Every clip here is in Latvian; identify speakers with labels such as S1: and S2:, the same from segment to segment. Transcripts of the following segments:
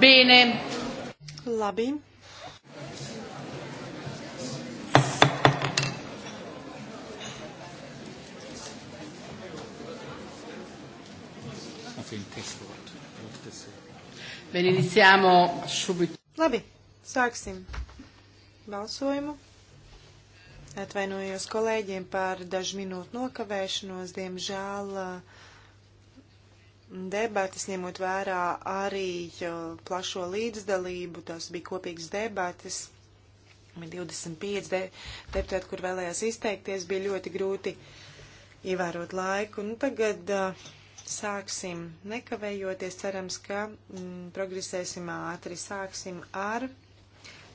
S1: Bene. Labi.
S2: Bene, iniziamo subito.
S1: Labi, sāksim balsojumu. Atvainojos kolēģiem par dažu minūtu nokavēšanos, diemžēl. Uh, debatas, ņemot vērā arī plašo līdzdalību. Tās bija kopīgas debatas. Bija 25 de deputāti, kur vēlējās izteikties, bija ļoti grūti ievērot laiku. Nu, tagad uh, sāksim nekavējoties, cerams, ka mm, progresēsim ātri. Sāksim ar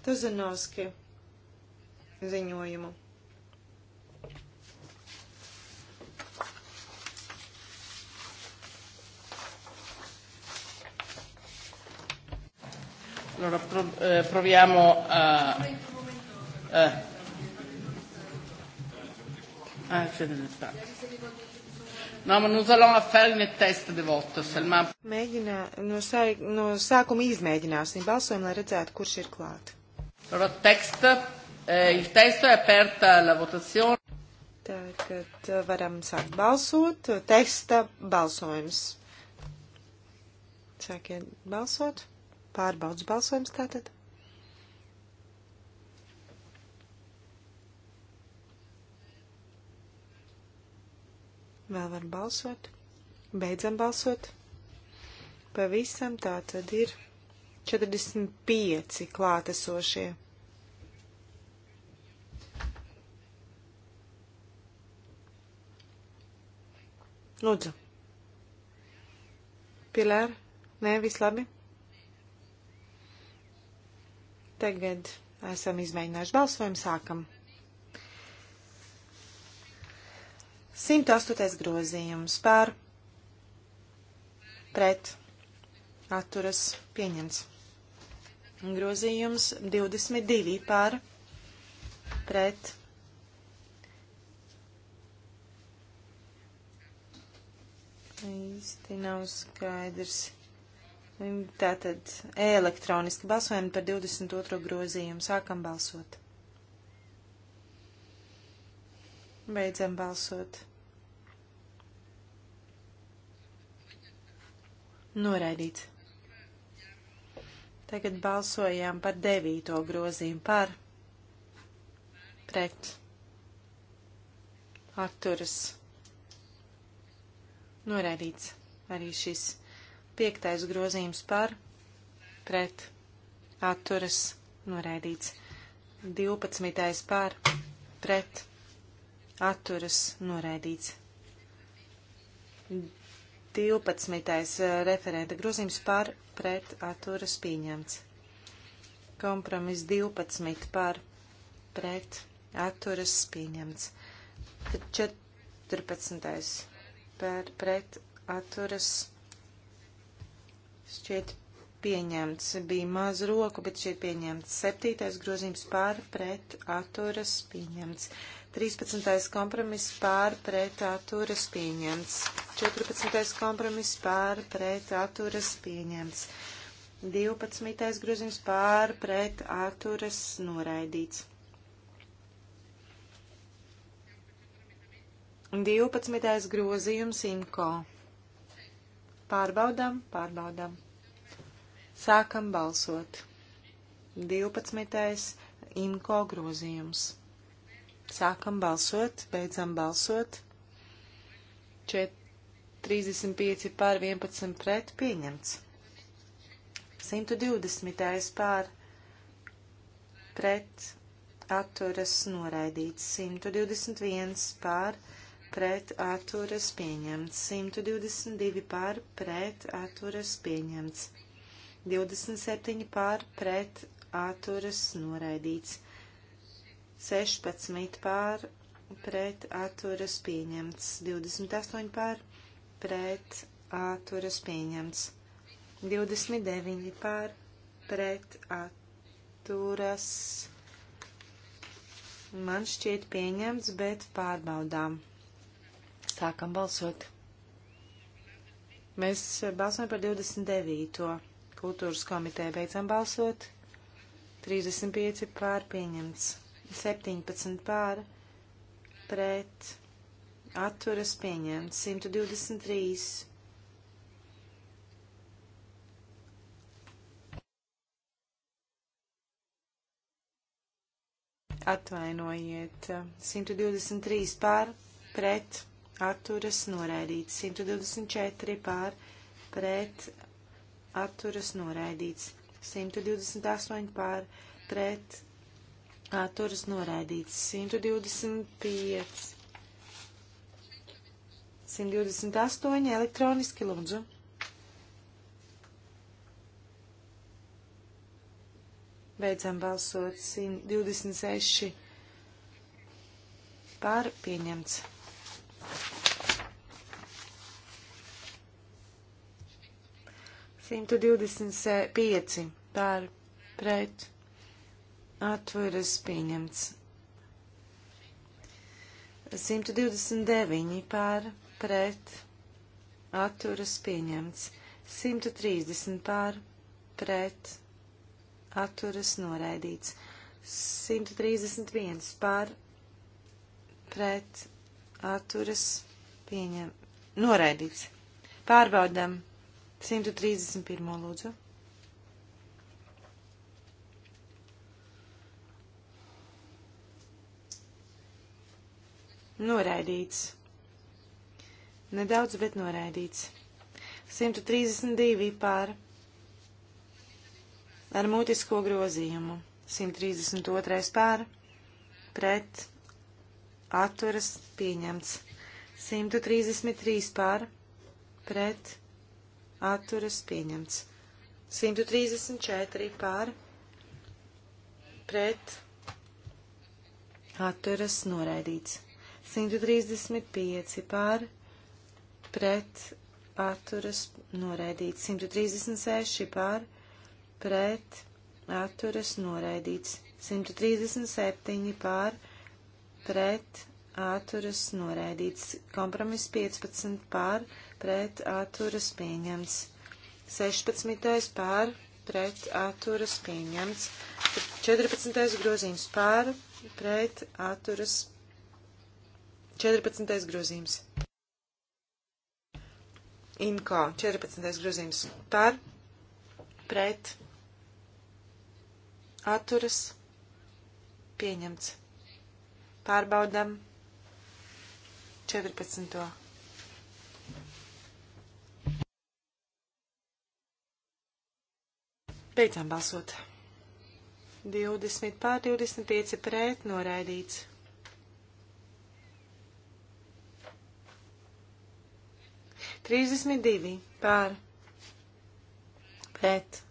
S1: Tuzanovski ziņojumu. Allora pro- eh, proviamo a...
S2: Eh. Ah, c'è dell'estate. No, ma nous allons faire une test de vote, seulement.
S1: Mēģinā, no, sā, no sākuma izmēģināsim balsojumu, lai redzētu, kurš ir klāt. Allora, text, eh, il testo è aperta la votazione. Tagad eh, varam sākt balsot. Testa balsojums. Sākiet balsot. Pārbaudas balsojums tātad. Vēl var balsot. Beidzam balsot. Pavisam tā tad ir 45 klātesošie. Lūdzu. Pilēr, nē, viss labi. Tagad esam izmēģinājuši balsojumu, sākam. 108. grozījums par pret atturas pieņemts. Grozījums 22 par pret īsti nav skaidrs. Tātad elektroniski balsojam par 22. grozījumu. Sākam balsot. Beidzam balsot. Noraidīts. Tagad balsojām par 9. grozījumu par pret atturas. Noraidīts arī šis. Piektais grozījums par pret atturas noraidīts. 12. par pret atturas noraidīts. 12. Eh, referenta grozījums par pret atturas pieņemts. Kompromiss 12 par pret atturas pieņemts. 14. par pret atturas pieņemts. Šķiet pieņemts. Bija maz roku, bet šeit pieņemts. Septītais grozījums pār pret atturas pieņemts. 13. kompromiss pār pret atturas pieņemts. 14. kompromiss pār pret atturas pieņemts. 12. grozījums pār pret atturas noraidīts. 12. grozījums imko Pārbaudām, pārbaudām. Sākam balsot. 12. imko grozījums. Sākam balsot, beidzam balsot. 4, 35 pār 11 pret pieņemts. 120. pār pret atturas noraidīts. 121 pār pret pret atturas pieņemts. 122 pār pret atturas pieņemts. 27 pār pret atturas noraidīts. 16 pār pret atturas pieņemts. 28 pār pret atturas pieņemts. 29 pār pret atturas. Man šķiet pieņemts, bet pārbaudām. Sākam balsot. Mēs balsojam par 29. kultūras komiteju. Beidzam balsot. 35 pār pieņemts. 17 pār pret. Atturas pieņemts. 123. Atvainojiet, 123 pār, pret, atturas noraidīts. 124 pār pret atturas noraidīts. 128 pār pret atturas noraidīts. 125. 128 elektroniski lūdzu. Beidzam balsot 126 pār pieņemts. 125 pār pret atturas pieņemts. 129 pār pret atturas pieņemts. 130 pār pret atturas noraidīts. 131 pār pret atturas pieņem. Noraidīts. Pārbaudam. 131. lūdzu. Noraidīts. Nedaudz, bet noraidīts. 132 pār ar mutisko grozījumu. 132 pār pret atturas pieņemts. 133 pār pret atturas pieņemts atturas pieņemts. 134 pār pret atturas noraidīts. 135 pār pret atturas noraidīts. 136 pār pret atturas noraidīts. 137 pār pret atturas noraidīts. Kompromiss 15 pār pret pret atturas pieņemts. 16. pār pret atturas pieņemts. 14. grozījums pār pret atturas 14. grozījums. Imko 14. grozījums pār pret atturas pieņemts. Pārbaudam 14. Beidzām balsot. 20 pār 25 pret noraidīts. Trīsdesmit divi pār pret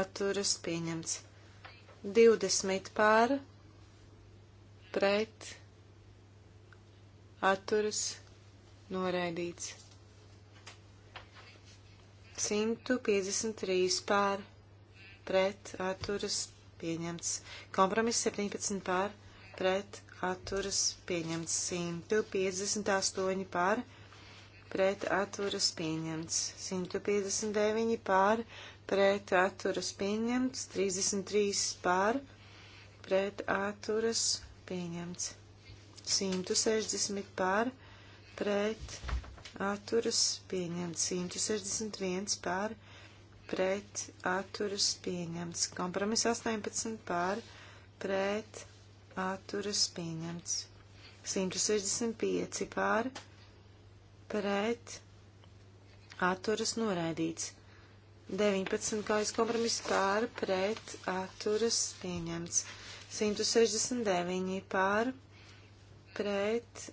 S1: atturas pieņemts. Divdesmit pār pret atturas noraidīts. 153 pār pret pret atturas pieņemts. Kompromiss 17 par pret atturas pieņemts. 158 par pret atturas pieņemts. 159 par pret atturas pieņemts. 33 par pret atturas pieņemts. 160 par pret atturas pieņemts. 161 par pret pret atturas pieņemts. Kompromiss 18 par pret atturas pieņemts. 165 par pret atturas noraidīts. 19 kājas kompromiss par pret atturas pieņemts. 169 par pret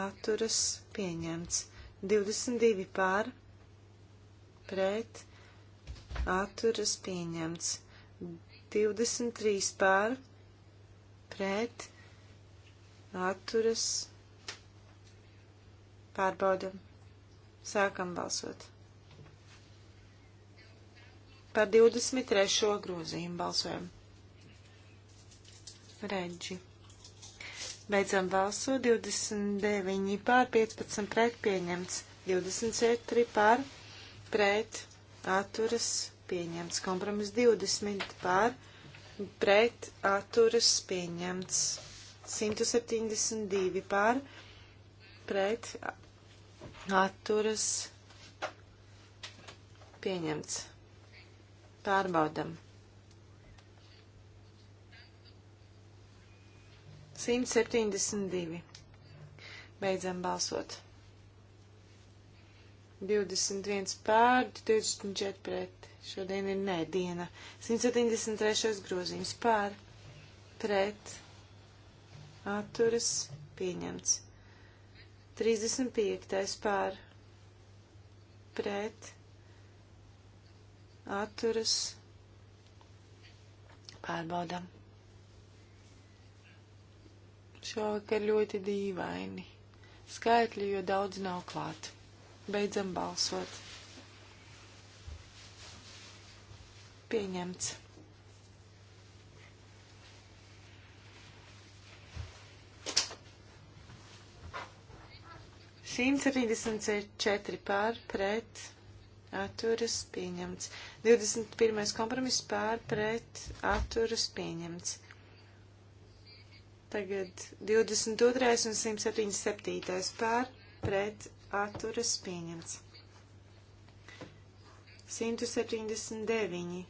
S1: atturas pieņemts. 22 par pret atturas pieņemts atturas pieņemts. 23 pār pret atturas pārbaudam. Sākam balsot. Par 23. grozījumu balsojam. Redži. Beidzam balsot 29 pār 15 pret pieņemts. 24 pār pret atturas pieņemts. Kompromiss 20 par pret atturas pieņemts. 172 par pret atturas pieņemts. Pārbaudam. 172. Beidzam balsot. 21 pār, 24 pret. Šodien ir nēdiena. 173. grozījums pār, pret, atturas, pieņemts. 35. pār, pret, atturas, pārbaudam. Šovakar ļoti dīvaini. Skaitļi, jo daudz nav klāta. Beidzam balsot. Pieņemts. Šīm 34 pār pret atturas pieņemts. 21. kompromiss pār pret atturas pieņemts. Tagad 22. un 177. pār pret atturas pieņemts. 179.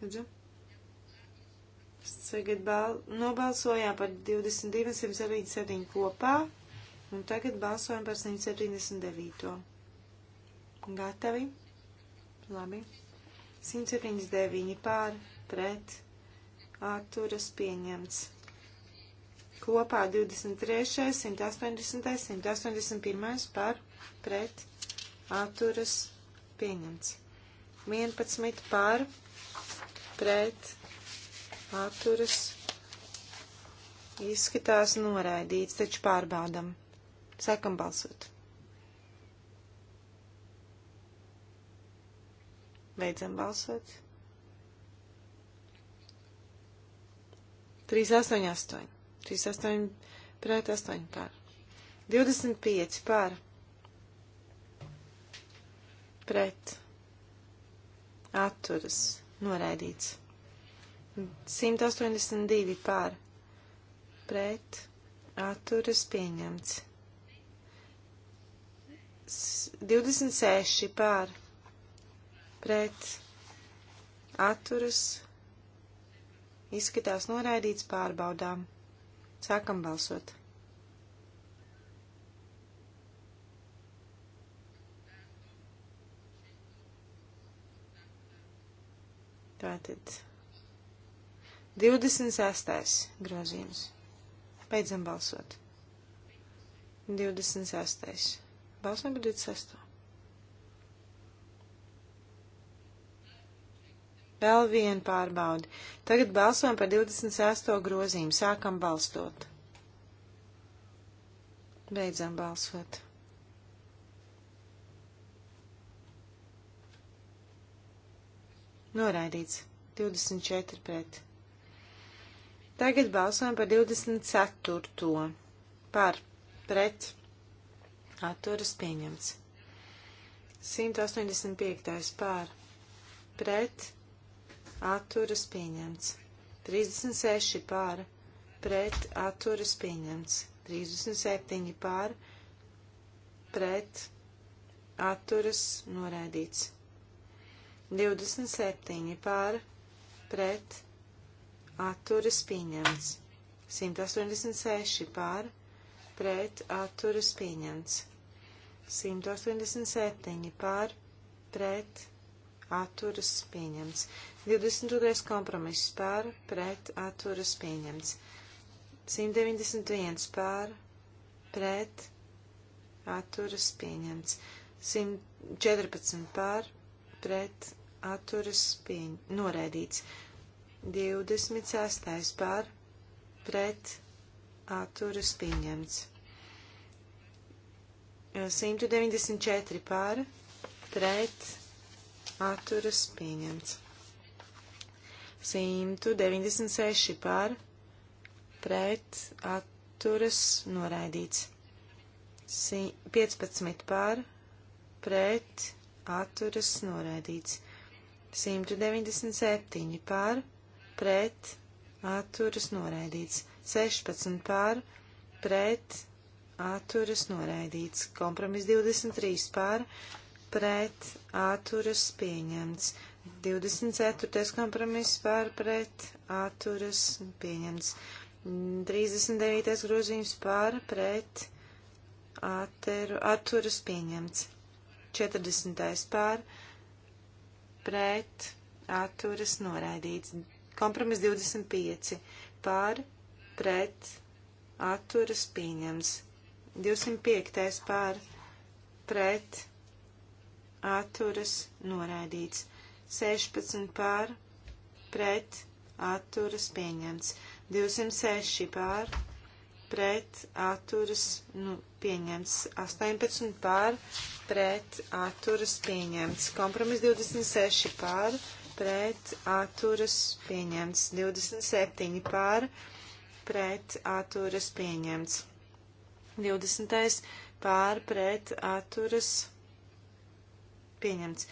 S1: Redzu? Tagad bal nobalsojām par 22, 177 kopā, un tagad balsojam par 179. Gatavi? Labi. 179 pār, pret, atturas pieņemts kopā 23, 180, 181 par pret atturas pieņemts. 11 par pret atturas izskatās noraidīts, taču pārbaudam. Sākam balsot. Beidzam balsot. 3, 8, 8. 38 pret 8 pār. 25 pār. Pret. Atturas. Noraidīts. 182 pār. Pret. Atturas pieņemts. 26 pār. Pret. Atturas. Izskatās noraidīts pārbaudām. Sākam balsot. Tātad 26. grozījums. Beidzam balsot. 26. Balsam par 26. Vēl viena pārbauda. Tagad balsojam par 26. grozījumu. Sākam balstot. Beidzam balsot. Noraidīts. 24 pret. Tagad balsojam par 24. Par. Pret. Atturas pieņemts. 185. pār. Pret atturas pieņemts. 36 pār pret atturas pieņemts. 37 pār pret atturas noraidīts. 27 pār pret atturas pieņemts. 186 pār pret atturas pieņemts. 187 pār pret atturas pieņemts atturas pieņemts. 22. kompromiss par, pret, atturas pieņemts. 191 par, pret, atturas pieņemts. 114 par, pret, atturas pieņemts. Noraidīts. 26. par, pret, atturas pieņemts. 194 par, pret, atturas pieņemts. 196 par pret atturas noraidīts. 15 par pret atturas noraidīts. 197 par pret atturas noraidīts. 16 par pret atturas noraidīts. Kompromis 23 par pret pret atturas pieņemts. 24. kompromiss par pret atturas pieņemts. 39. grozījums par pret atteru, atturas pieņemts. 40. par pret atturas noraidīts. Kompromiss 25 par pret atturas pieņemts. 205. par pret atturas pieņemts atturas noraidīts. 16 pār pret atturas pieņemts. 206 pār pret atturas nu, pieņemts. 18 pār pret atturas pieņemts. Kompromis 26 pār pret atturas pieņemts. 27 pār pret atturas pieņemts. 20. pār pret atturas pieņemts pieņemts.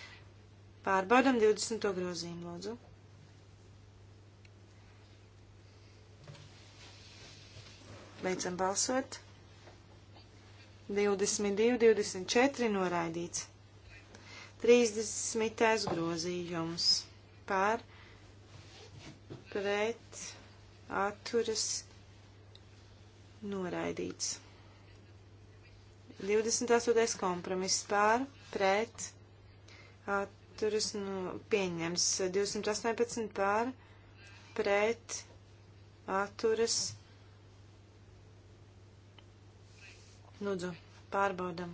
S1: Pārbaudam 20. grozījumu, lūdzu. Beidzam balsot. 22, 24 noraidīts. 30. grozījums pār pret atturas noraidīts. 28. kompromiss pār pret atturas nu, pieņems. 218 pār pret atturas. Lūdzu, pārbaudam.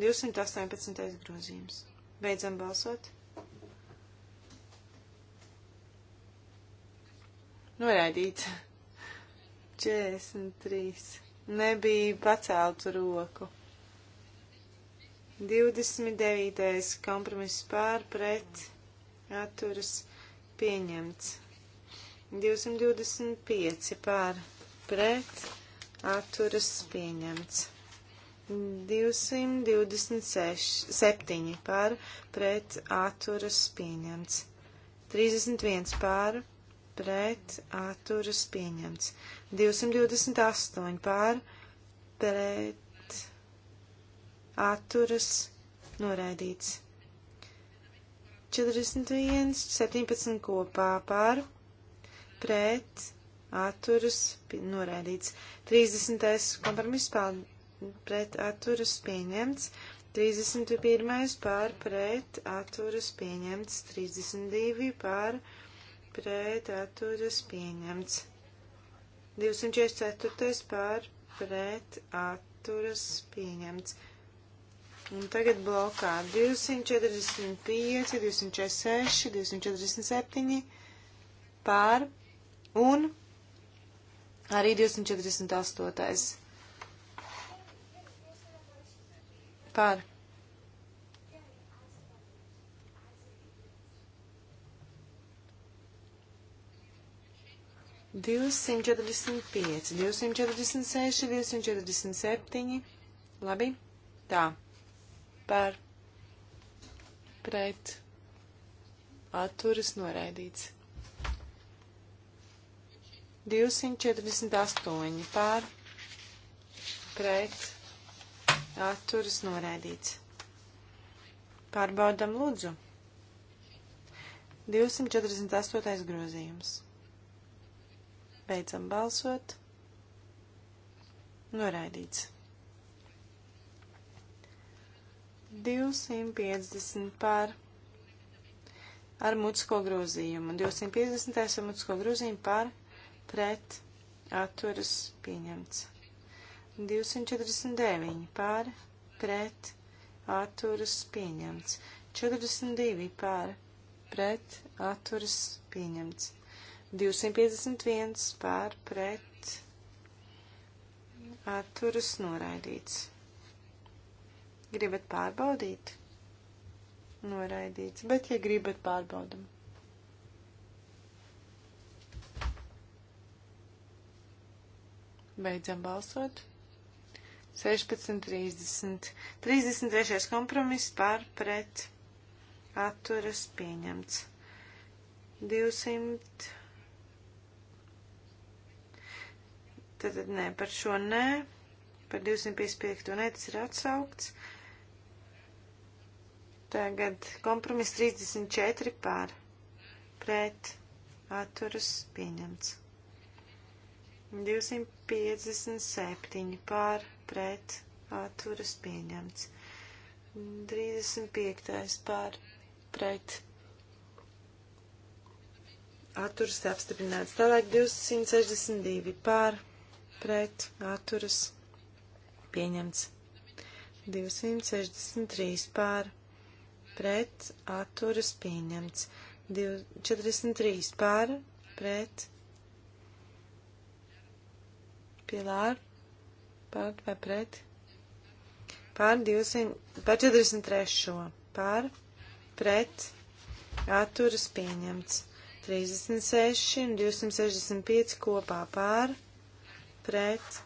S1: 218. grozījums. Beidzam balsot. Noraidīts. 43. Nebija paceltu roku. 29. kompromiss pār pret atturas pieņemts. 225 pār pret atturas pieņemts. 227 pār pret atturas pieņemts. 31 pār pret atturas pieņemts. 228 pār pret atturas noraidīts. 41, 17 kopā par pret atturas noraidīts. 30. kompromiss pār pret atturas pieņemts. 31. pār pret atturas pieņemts. 32. pār pret atturas pieņemts. 244. pār pret atturas pieņemts. Un tagad blokā 245, 246, 247 pār un arī 248 pār. Divsimt četrdesmit pieci, divsimt četrdesmit seši, divsimt četrdesmit septiņi. Labi? Tā par pret atturas noraidīts. 248 par pret atturas noraidīts. Pārbaudam lūdzu. 248. grozījums. Beidzam balsot. Noraidīts. 250 par ar mutisko grozījumu. 250 ar mutisko grozījumu par pret atturas pieņemts. 249 par pret atturas pieņemts. 42 par pret atturas pieņemts. 251 par pret atturas noraidīts. Gribat pārbaudīt? Noraidīts, bet ja gribat pārbaudam. Beidzam balsot. 16.30. 33. kompromiss par pret atturas pieņemts. 200. Tad, tad nē, par šo nē, par 255. nē, tas ir atsaukts. Tagad kompromiss 34 pār pret atturas pieņemts. 257 pār pret atturas pieņemts. 35 pār pret atturas apstiprināts. Tālāk 262 pār pret atturas pieņemts. 263 pār pret atturas pieņemts. 43 pār pret pilār pār vai pret pār 200, pār 43 pār pret atturas pieņemts. 36 un 265 kopā pār pret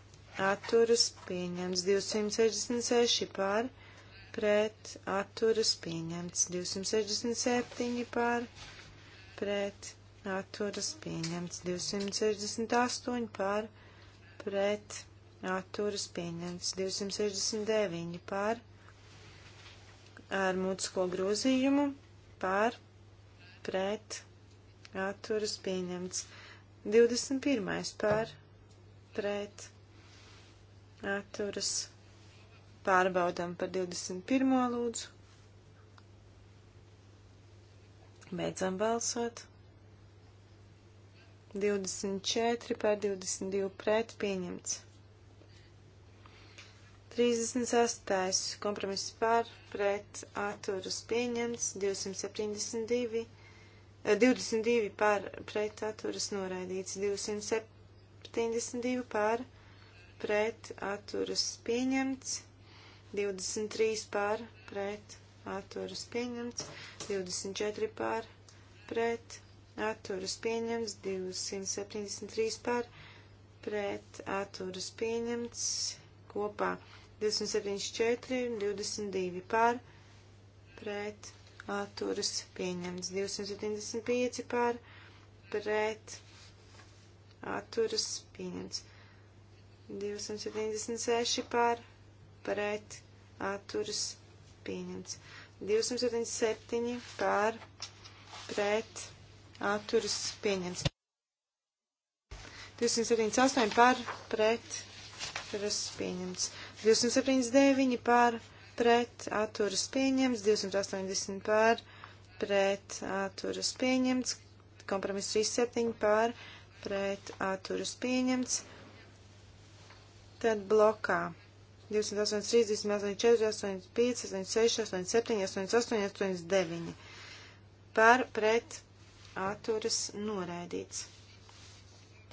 S1: atturas pieņemts. 266 pār pret pret atturas pieņemts 267 par pret atturas pieņemts 268 par pret atturas pieņemts 269 par ar mutisko grozījumu par pret atturas pieņemts 21 par pret atturas pieņemts Pārbaudam par 21. lūdzu. Beidzam balsot. 24 pār 22 pret pieņemts. 36. kompromiss par pret atturus pieņemts. 272. 22 pār pret atturus noraidīts. 272 pār pret atturus pieņemts. 23 pār pret atturas pieņemts, 24 pār pret atturas pieņemts, 273 pār pret atturas pieņemts kopā 274, 22 pār pret atturas pieņemts, 275 pār pret atturas pieņemts, 276 pār pret pret atturas pieņemts. 277 pār pret atturas pieņemts. 278 pār pret atturas pieņemts. 279 pār pret atturas pieņemts. 280 pār pret atturas pieņemts. Kompromiss 37 pār pret atturas pieņemts. Tad blokā 28, 30, 84, 85, 86, 87, 88, 89. Par pret atturas noraidīts.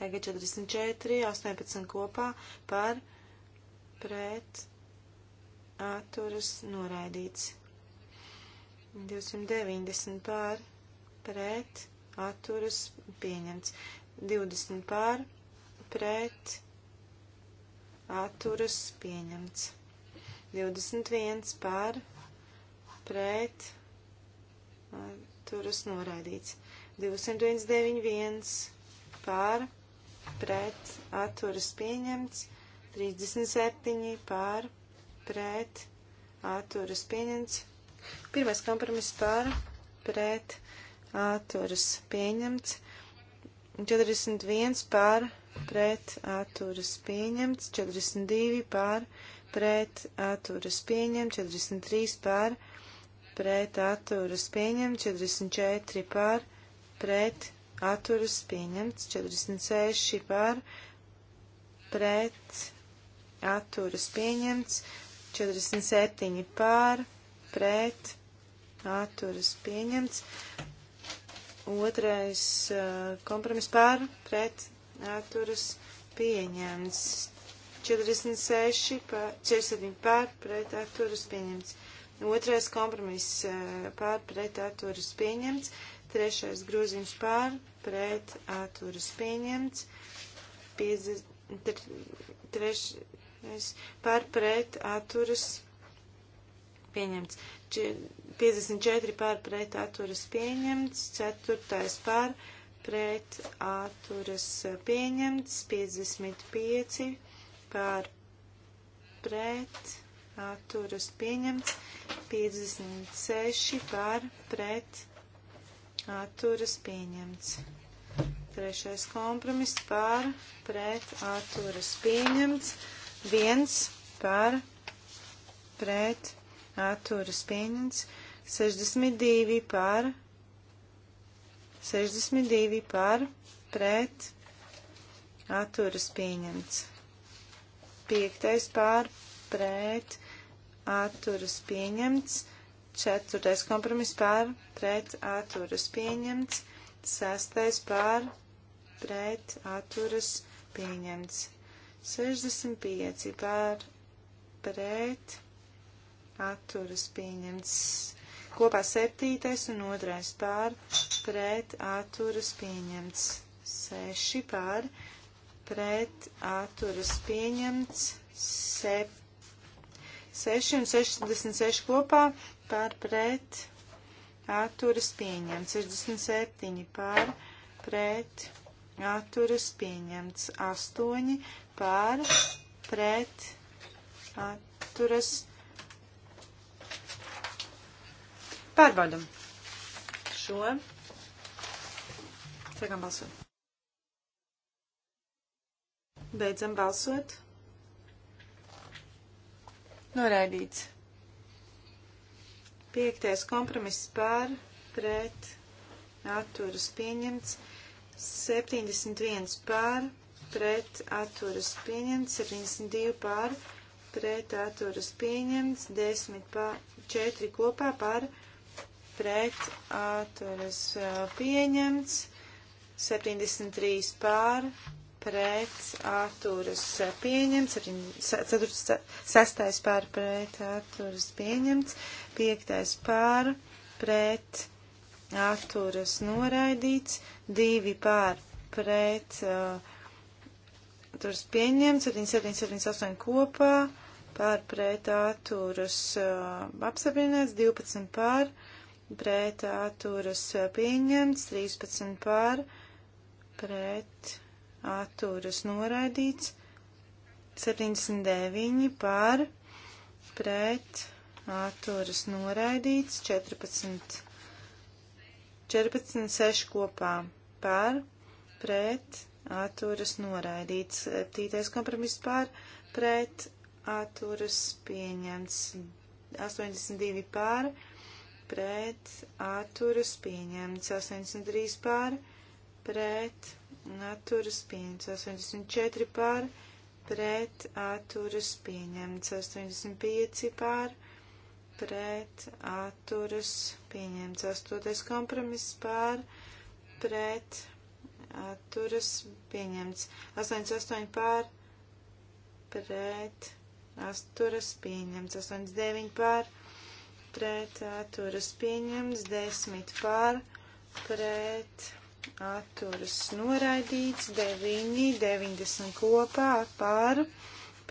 S1: Tagad 44, 18 kopā par pret atturas noraidīts. 290 pār pret atturas pieņemts. 20 pār pret atturas atturas pieņemts. 21 par pret atturas noraidīts. 291 par pret atturas pieņemts. 37 par pret atturas pieņemts. Pirmais kompromiss par pret atturas pieņemts. 41 par pret pret atturas pieņemts, 42 pār pret atturas pieņemts, 43 pār pret atturas pieņemts, 44 pār pret atturas pieņemts, 46 pār pret atturas pieņemts, 47 pār pret atturas pieņemts, otrais eh, kompromiss pār pret atturas pieņemts. 46 pār, 47 pār pret atturas pieņemts. Otrais kompromiss eh, pār pret atturas pieņemts. Trešais grozījums pār pret atturas pieņemts. 50, trešais pār pret atturas pieņemts. 54 pār pret atturas pieņemts. Ceturtais pār pret pret atturas pieņemts, 55 pār pret atturas pieņemts, 56 pār pret atturas pieņemts. Trešais kompromiss pār pret atturas pieņemts, viens pār pret atturas pieņemts, 62 pār pret 62 par pret atturas pieņemts. 5. par pret atturas pieņemts. 4. kompromiss par pret atturas pieņemts. 6. par pret atturas pieņemts. 65 par pret atturas pieņemts. Kopā 7. un 2. par pret pret atturas pieņemts. 6 pār pret atturas pieņemts. 6 un 66 kopā pār pret atturas pieņemts. 67 pār pret atturas pieņemts. 8 pār pret atturas pieņemts. Pārbaudam šo Sākam balsot. Beidzam balsot. Noraidīts. Piektais kompromiss pār, pret, atturas pieņemts. 71 pār, pret, atturas pieņemts. 72 pār, pret, atturas pieņemts. 10 pār, 4 kopā pār, pret, atturas pieņemts. 73 pār, pret atturas pieņemts, 6. pār, pret atturas pieņemts, 5. pār, pret atturas noraidīts, 2 pār, pret atturas pieņemts, 77, 78 kopā, pār, pret atturas apsabienēts, 12 pār, pret atturas pieņemts, 13 pār, pret pret atturas noraidīts. 79 par pret atturas noraidīts. 14, 14 6 kopā par pret atturas noraidīts. 7. kompromiss par pret atturas pieņemts. 82 pār, pret atturas pieņemts 83 pār, pret atturas pieņemts 84 pār, pret atturas pieņemts 85 pār, pret atturas pieņemts 8. kompromiss pār, pret atturas pieņemts 88 pār, pret atturas pieņemts 89 pār, pret atturas pieņemts 10 pār, pret atturas noraidīts, 9, 90 kopā pār,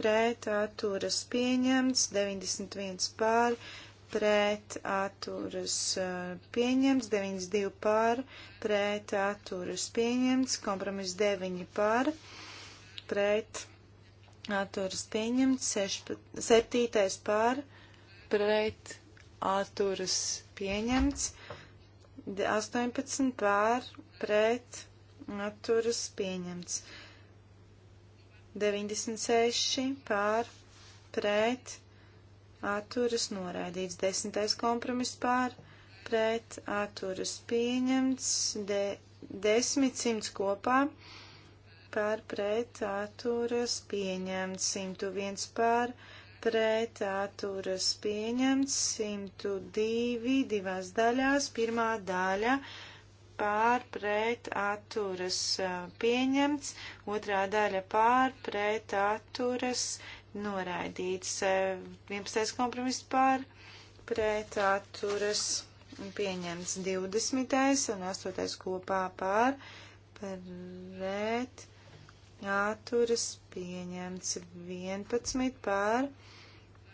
S1: pret atturas pieņemts, 91 pār, pret atturas eh, pieņemts, 92 pār, pret atturas pieņemts, kompromiss 9 pār, pret atturas pieņemts, 7 pār, pret atturas pieņemts. 18 pār pret atturas pieņemts. 96 pār pret atturas noraidīts. 10. kompromiss pār pret atturas pieņemts. De, 10 100 kopā pār pret atturas pieņemts. 101 pār pret pret atturas pieņemts 102 divās daļās. Pirmā daļa pār pret atturas pieņemts, otrā daļa pār pret atturas noraidīts. 11. kompromiss pār pret atturas pieņemts 20. un 8. kopā pār pret atturas atturas pieņemts 11 pār,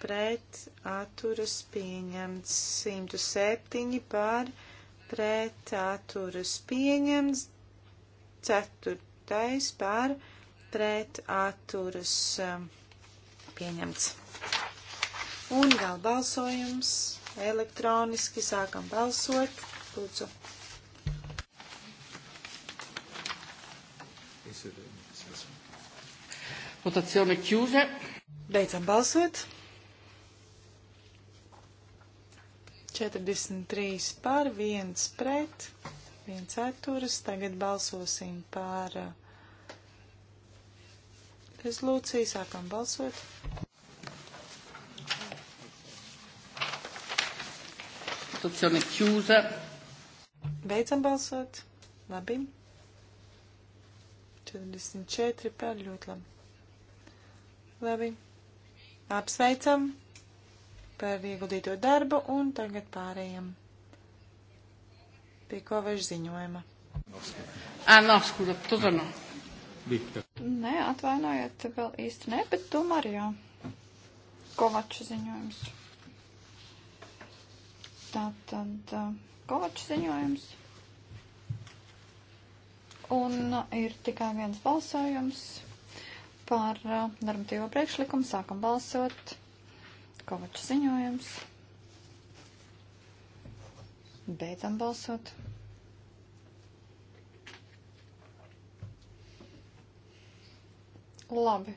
S1: pret atturas pieņemts 107 pār, pret atturas pieņemts 4 pār, pret atturas um, pieņemts. Un gal balsojums elektroniski sākam balsot. Lūdzu.
S2: Votazione chiusa. Beidzam balsot.
S1: 43 par, 1 pret, 1 atturas. Tagad balsosim par uh, rezolūciju. Sākam balsot. Votazione chiusa. Beidzam balsot. Labi. 44 par ļoti labi. Labi. Apsveicam par ieguldīto darbu un
S2: tagad pārējam pie koveža ziņojuma. Ā, nav skūda, tu zinu. Nē, atvainojiet, vēl īsti ne, bet tomēr jā. Kovača ziņojums. Tātad eh, Kovača ziņojums. Un ir tikai viens balsojums par uh, normatīvo priekšlikumu. Sākam balsot. Kovačs ziņojums. Beidzam balsot. Labi.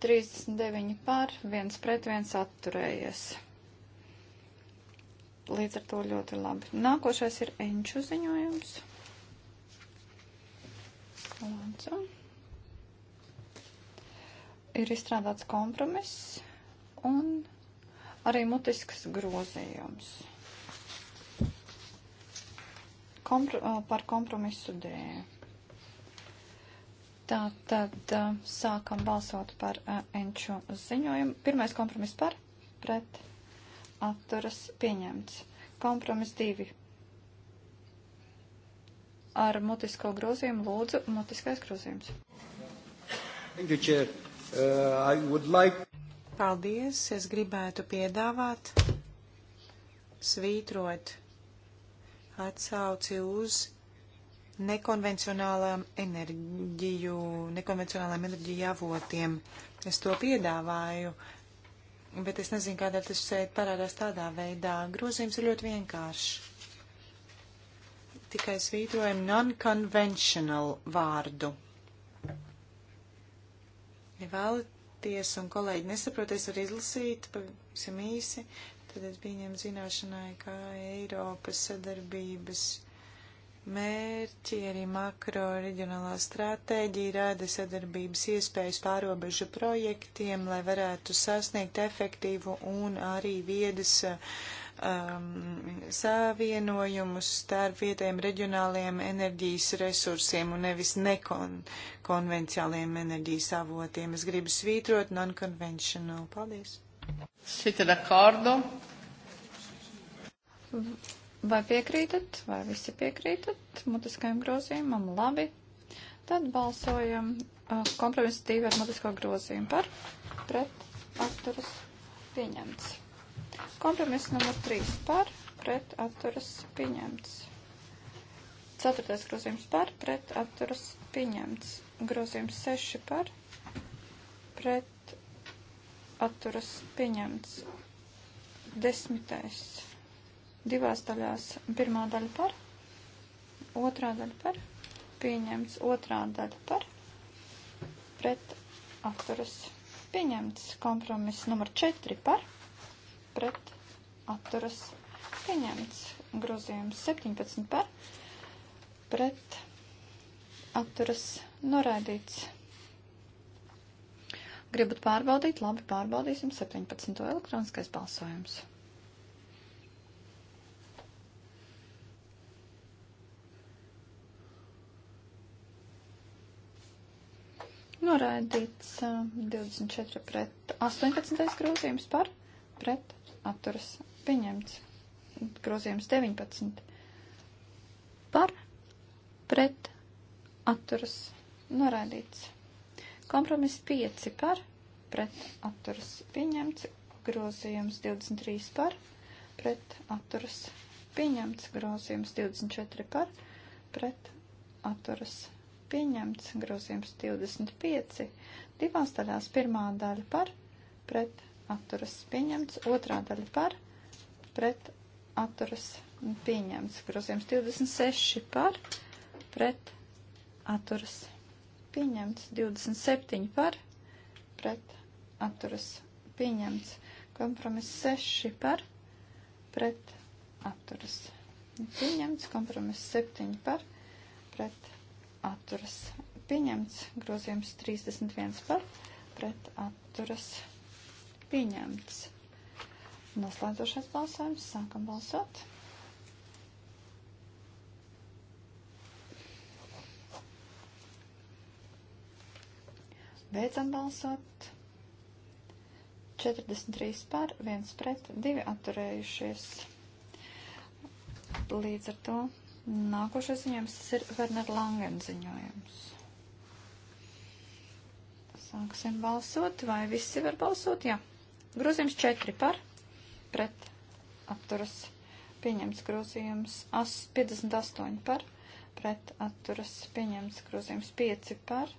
S2: 39 pār, 1 pret 1 atturējies. Līdz ar to ļoti labi. Nākošais ir enču ziņojums. Lūdzu ir izstrādāts kompromiss un arī mutisks grozījums. Kompr par kompromisu D. Tā tad sākam balsot par enču ziņojumu. Pirmais kompromiss par, pret, atturas pieņemts. Kompromiss divi. Ar mutisko grozījumu lūdzu mutiskais grozījums. Thank you, Chair. Uh, like... Paldies! Es gribētu piedāvāt
S1: svītrot atsauci uz nekonvencionālām enerģiju, nekonvencionālām enerģiju avotiem. Es to piedāvāju, bet es nezinu, kādēļ tas šeit parādās tādā veidā. Grozījums ir ļoti vienkāršs. Tikai svītrojam non-conventional vārdu. Ja vēlaties un kolēģi nesaproties, var izlasīt pavisam īsi, tad es pieņemu zināšanai, kā Eiropas sadarbības mērķi, arī makro reģionālā stratēģija rada sadarbības iespējas pārobežu projektiem, lai varētu sasniegt efektīvu un arī viedas um, savienojumus starp vietējiem reģionāliem enerģijas resursiem un nevis nekonvenciāliem nekon enerģijas avotiem. Es gribu svītrot non-conventional. Paldies! Siete d'accordo?
S2: Vai piekrītat, vai visi piekrītat mutiskajam grozījumam? Labi. Tad balsojam uh, kompromisu divi ar mutisko grozījumu par pret atturas pieņemts. Kompromiss numur 3 par pret atturas pieņemts. Ceturtais grozījums par pret atturas pieņemts. Grozījums 6 par pret atturas pieņemts. Desmitais divās daļās. Pirmā daļa par, otrā daļa par, pieņemts otrā daļa par, pret atturas pieņemts kompromiss numur 4 par, pret atturas pieņemts grozījums 17 par, pret atturas noraidīts. Gribat pārbaudīt? Labi, pārbaudīsim 17. elektroniskais balsojums. Noraidīts 24 pret 18 grozījums par pret atturas pieņemts. Grozījums 19 par pret atturas noraidīts. Kompromis 5 par pret atturas pieņemts. Grozījums 23 par pret atturas pieņemts. Grozījums 24 par pret atturas pieņemts pieņemts, grozījums 25, divās daļās pirmā daļa par, pret atturas pieņemts, otrā daļa par, pret atturas pieņemts, grozījums 26 par, pret atturas pieņemts, 27 par, pret atturas pieņemts, kompromiss 6 par, pret atturas pieņemts, kompromiss 7 par, pret atturas atturas pieņemts. Grozījums 31 par pret atturas pieņemts. Noslēdzošais balsojums. Sākam balsot. Beidzam balsot. 43 par, 1 pret, 2 atturējušies. Līdz ar to Nākošais ziņojums tas ir Werner Langen ziņojums. Sāksim balsot. Vai visi var balsot? Jā. Grozījums 4 par, pret, atturas. Pieņemts grozījums 58 par, pret, atturas. Pieņemts grozījums 5 par,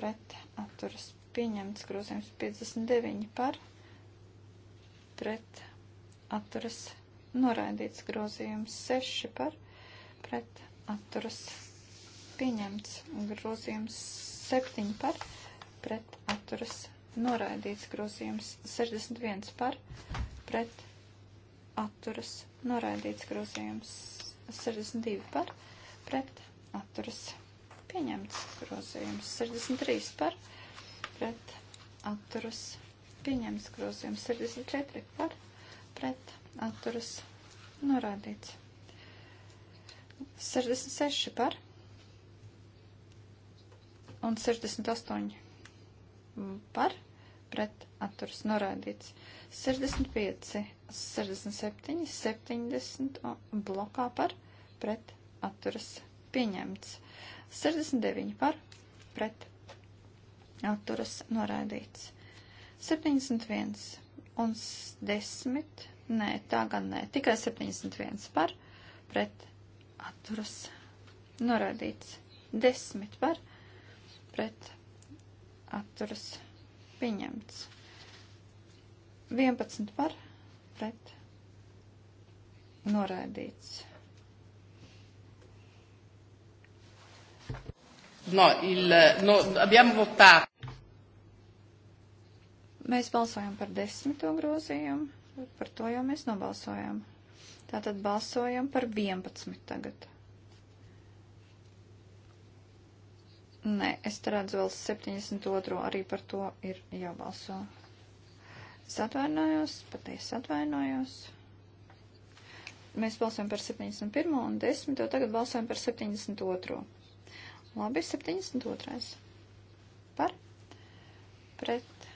S2: pret, atturas. Pieņemts grozījums 59 par, pret, atturas. Noraidīts grozījums 6 par, pret atturas pieņemts. Grozījums 7 par pret atturas noraidīts. Grozījums 61 par pret atturas noraidīts. Grozījums 62 par pret atturas pieņemts. Grozījums 63 par pret atturas pieņemts. Grozījums 64 par pret atturas noraidīts. 66 par un 68 par pret atturs norādīts. 65, 67, 70 un blokā par pret atturs pieņemts. 69 par pret atturas norādīts. 71 un 10, nē, tā gan nē, tikai 71 par pret atturas norādīts. 10 par pret atturas pieņemts. 11 par pret norādīts. No, il, no, abbiamo votato. Mēs balsojam par desmito grozījumu, par to jau mēs nobalsojam. Tātad balsojam par 11 tagad. Nē, es redzu vēl 72. arī par to ir jābalso. Es atvainojos, patiesi atvainojos. Mēs balsojam par 71. un 10. tagad balsojam par 72. Labi, 72. Par pret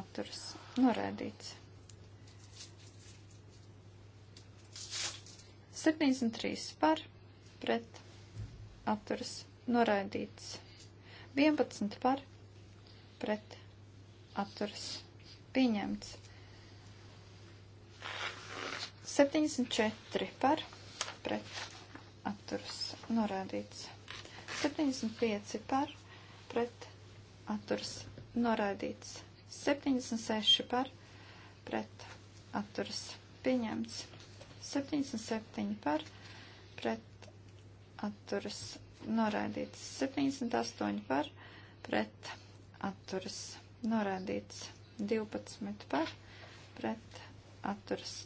S2: atturs norēdīts. 73 par pret atturas noraidīts. 11 par pret atturas pieņemts. 74 par pret atturas noraidīts. 75 par pret atturas noraidīts. 76 par pret atturas pieņemts. 77 par pret atturas noraidīts. 78 par pret atturas noraidīts. 12 par pret atturas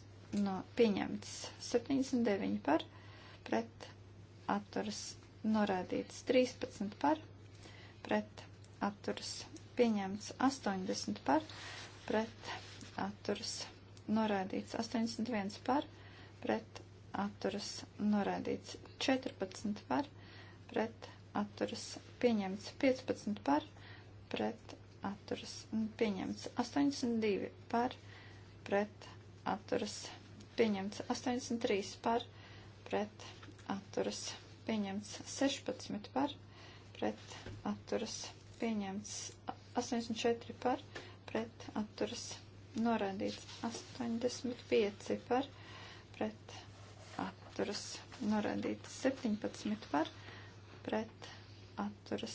S2: no, pieņemts. 79 par pret atturas noraidīts. 13 par pret atturas pieņemts. 80 par pret atturas noraidīts. 81 par pret pret atturas noraidīts 14 par, pret atturas pieņemts 15 par, pret atturas pieņemts 82 par, pret atturas pieņemts 83 par, pret atturas pieņemts 16 par, pret atturas pieņemts 84 par, pret atturas noraidīts 85 par, pret atturas norādīts 17 par pret atturas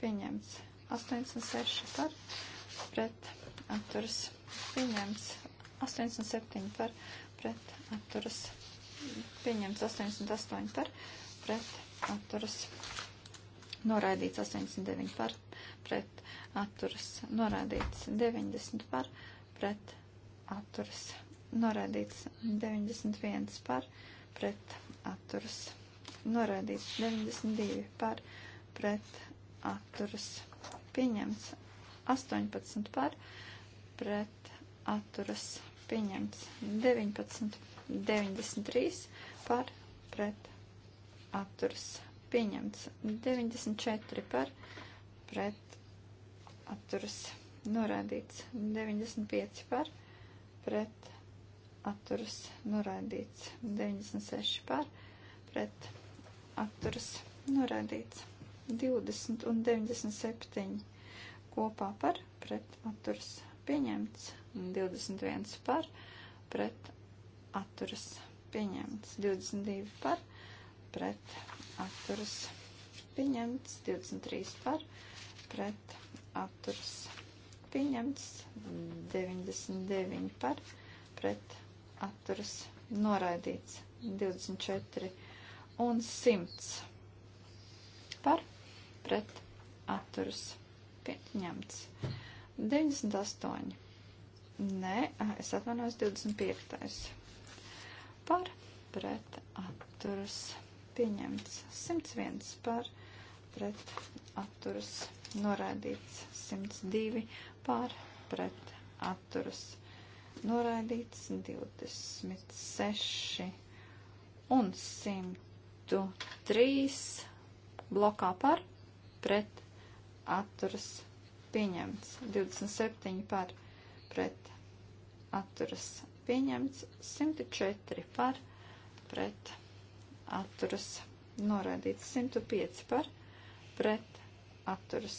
S2: pieņemts 86 par pret atturas pieņemts 87 par pret atturas pieņemts 88 par pret atturas norādīts 89 par pret atturas norādīts 90 par pret atturas pieņemts noraidīts 91 par pret atturas, noraidīts 92 par pret atturas, pieņemts 18 par pret atturas, pieņemts 19, 93 par pret atturas, pieņemts 94 par pret atturas, noraidīts 95 par pret atturas atturas noraidīts. 96 par pret atturas noraidīts. 20 un 97 kopā par pret atturas pieņemts. 21 par pret atturas pieņemts. 22 par pret atturas pieņemts. 23 par pret atturas pieņemts. 99 par pret atturas pieņemts atturas noraidīts 24 un 100 par pret atturas pieņemts 98. Nē, es atvainojos 25. par pret atturas pieņemts 101 par pret atturas noraidīts 102 par pret atturas pieņemts noraidīts 26 un 103 blokā par pret atturas pieņemts 27 par pret atturas pieņemts 104 par pret atturas noraidīts 105 par pret atturas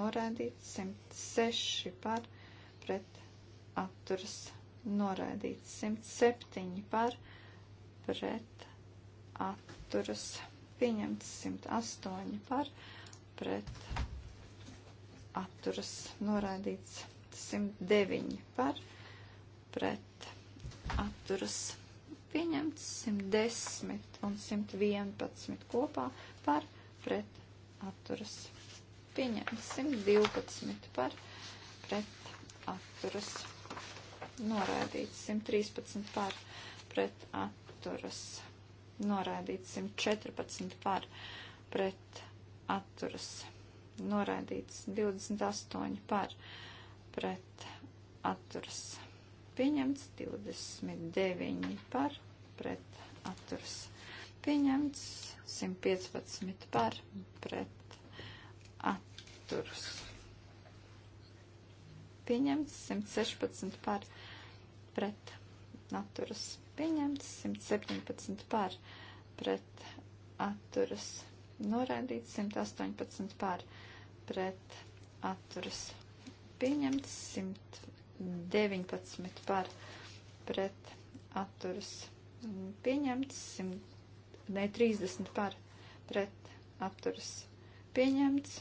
S2: noraidīts 106 par pret atturas atturas noraidīts. 107 par pret atturas pieņemts. 108 par pret atturas noraidīts. 109 par pret atturas pieņemts. 110 un 111 kopā par pret atturas pieņemts. 112 par pret atturas pieņemts noraidīts 113 par pret atturas, noraidīts 114 par pret atturas, noraidīts 28 par pret atturas, pieņemts 29 par pret atturas, pieņemts 115 par pret atturas pieņemts 116 par pret atturas pieņemts, 117 par pret atturas noraidīts, 118 par pret atturas pieņemts, 119 par pret atturas pieņemts, 130 par pret atturas pieņemts,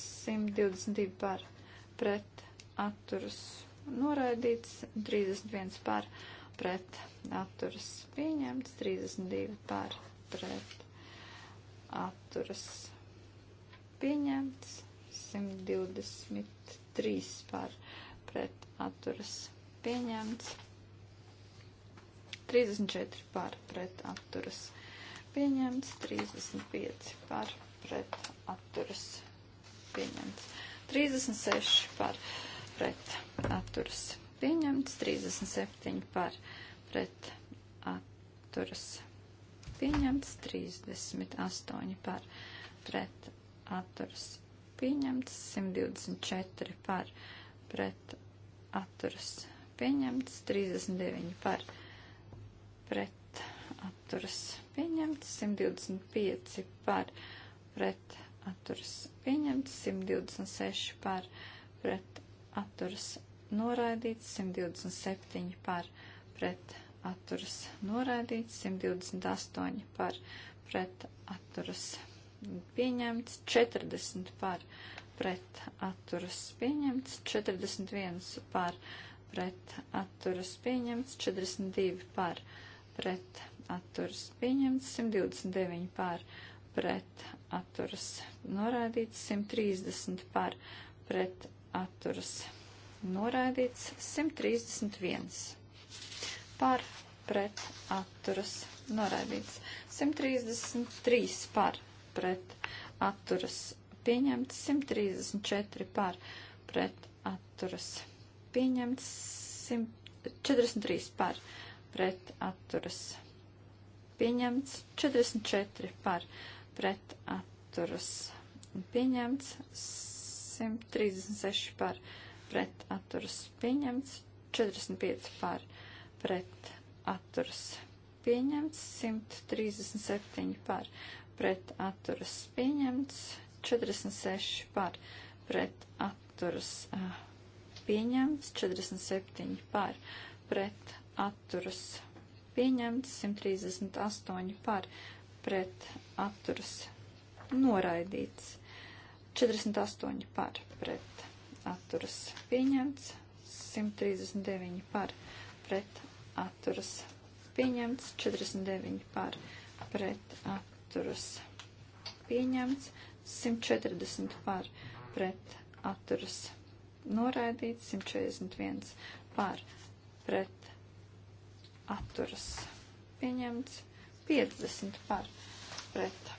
S2: 122 par pret atturas pieņemts noraidīts, 31 par pret atturas pieņemts, 32 par pret atturas pieņemts, 123 par pret atturas pieņemts, 34 par pret atturas pieņemts, 35 par pret atturas pieņemts, 36 par pret pret atturas pieņemts, 37 par pret atturas pieņemts, 38 par pret atturas pieņemts, 124 par pret atturas pieņemts, 39 par pret atturas pieņemts, 125 par pret atturas pieņemts, 126 par pret atturas noraidīts, 127 par pret atturas noraidīts, 128 par pret atturas pieņemts, 40 par pret atturas pieņemts, 41 par pret atturas pieņemts, 42 par pret atturas pieņemts, 129 par pret atturas noraidīts, 130 par pret atturas noraidīts 131 par pret atturas noraidīts 133 par pret atturas pieņemts 134 par pret atturas pieņemts 143 par pret atturas pieņemts 44 par pret atturas pieņemts 136 par pret atturas pieņemts, 45 par pret atturas pieņemts, 137 par pret atturas pieņemts, 46 ah, par pret atturas pieņemts, 47 par pret atturas pieņemts, 138 par pret atturas noraidīts. 48 par pret atturas pieņemts, 139 par pret atturas pieņemts, 49 par pret atturas pieņemts, 140 par pret atturas noraidīts, 141 par pret atturas pieņemts, 50 par pret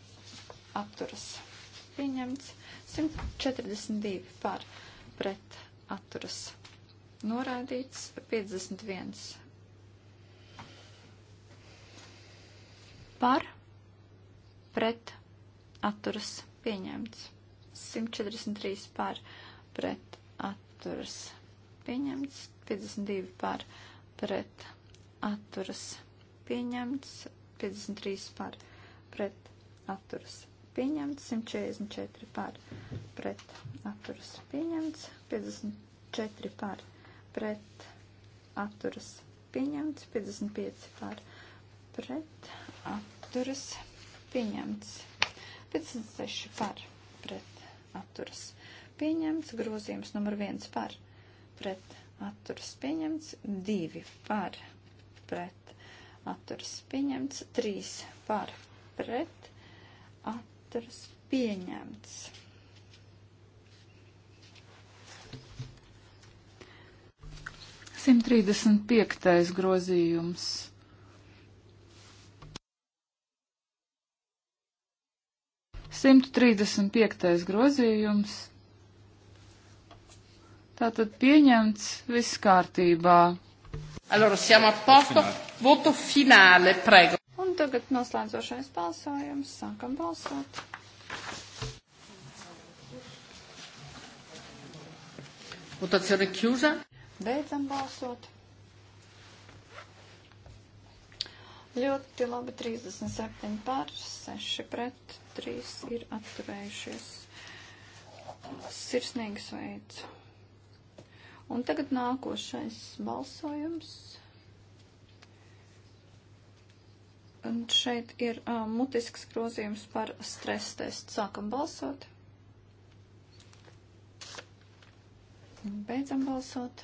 S2: atturas pieņemts pieņemts. 142 par pret atturas noraidīts. 51 par pret atturas pieņemts. 143 par pret atturas pieņemts. 52 par pret atturas pieņemts. 53 par pret atturas pieņemts pieņemts, 144 par pret atturas pieņemts, 54 par pret atturas pieņemts, 55 par pret atturas pieņemts, 56 par pret atturas pieņemts, grozījums numur 1 par pret atturas pieņemts, 2 par pret atturas pieņemts, 3 par pret atturas pieņemts. Simt trīsdesmit piektais grozījums. Simt trīsdesmit piektais grozījums. Tātad pieņemts viss kārtībā. Allora, siamo a posto. Voto finale, prego tagad noslēdzošais balsojums. Sākam balsot. Votazione chiusa. Beidzam balsot. Ļoti labi 37 par, 6 pret, 3 ir atturējušies. Sirsnīgi sveicu. Un tagad nākošais balsojums. Un šeit ir uh, mutisks grozījums par stres testu. Sākam balsot. Beidzam balsot.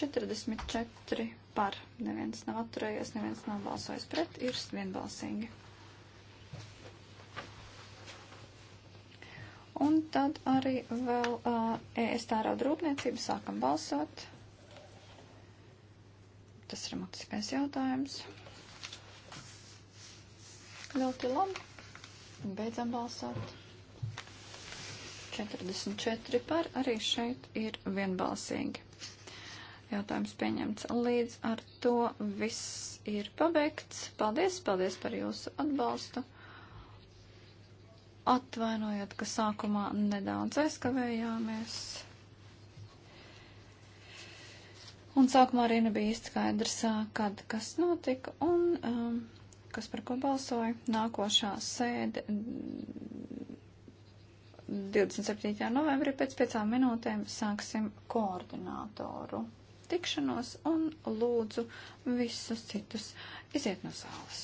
S2: 44 par. Neviens nav atturējies, neviens nav balsojis pret. Ir vienbalsīgi. Un tad arī vēl uh, ES tārauda rūpniecība sākam balsot ir mutiskais jautājums. Ļoti labi. Beidzam balsot. 44 par arī šeit ir vienbalsīgi. Jautājums pieņemts. Līdz ar to viss ir pabeigts. Paldies, paldies par jūsu atbalstu. Atvainojiet, ka sākumā nedaudz aizkavējāmies. Un sākumā arī nebija īsti skaidrs, kad kas notika un um, kas par ko balsoja. Nākošā sēde 27. novembrī pēc piecām minūtēm sāksim koordinātoru tikšanos un lūdzu visus citus iziet no zāles.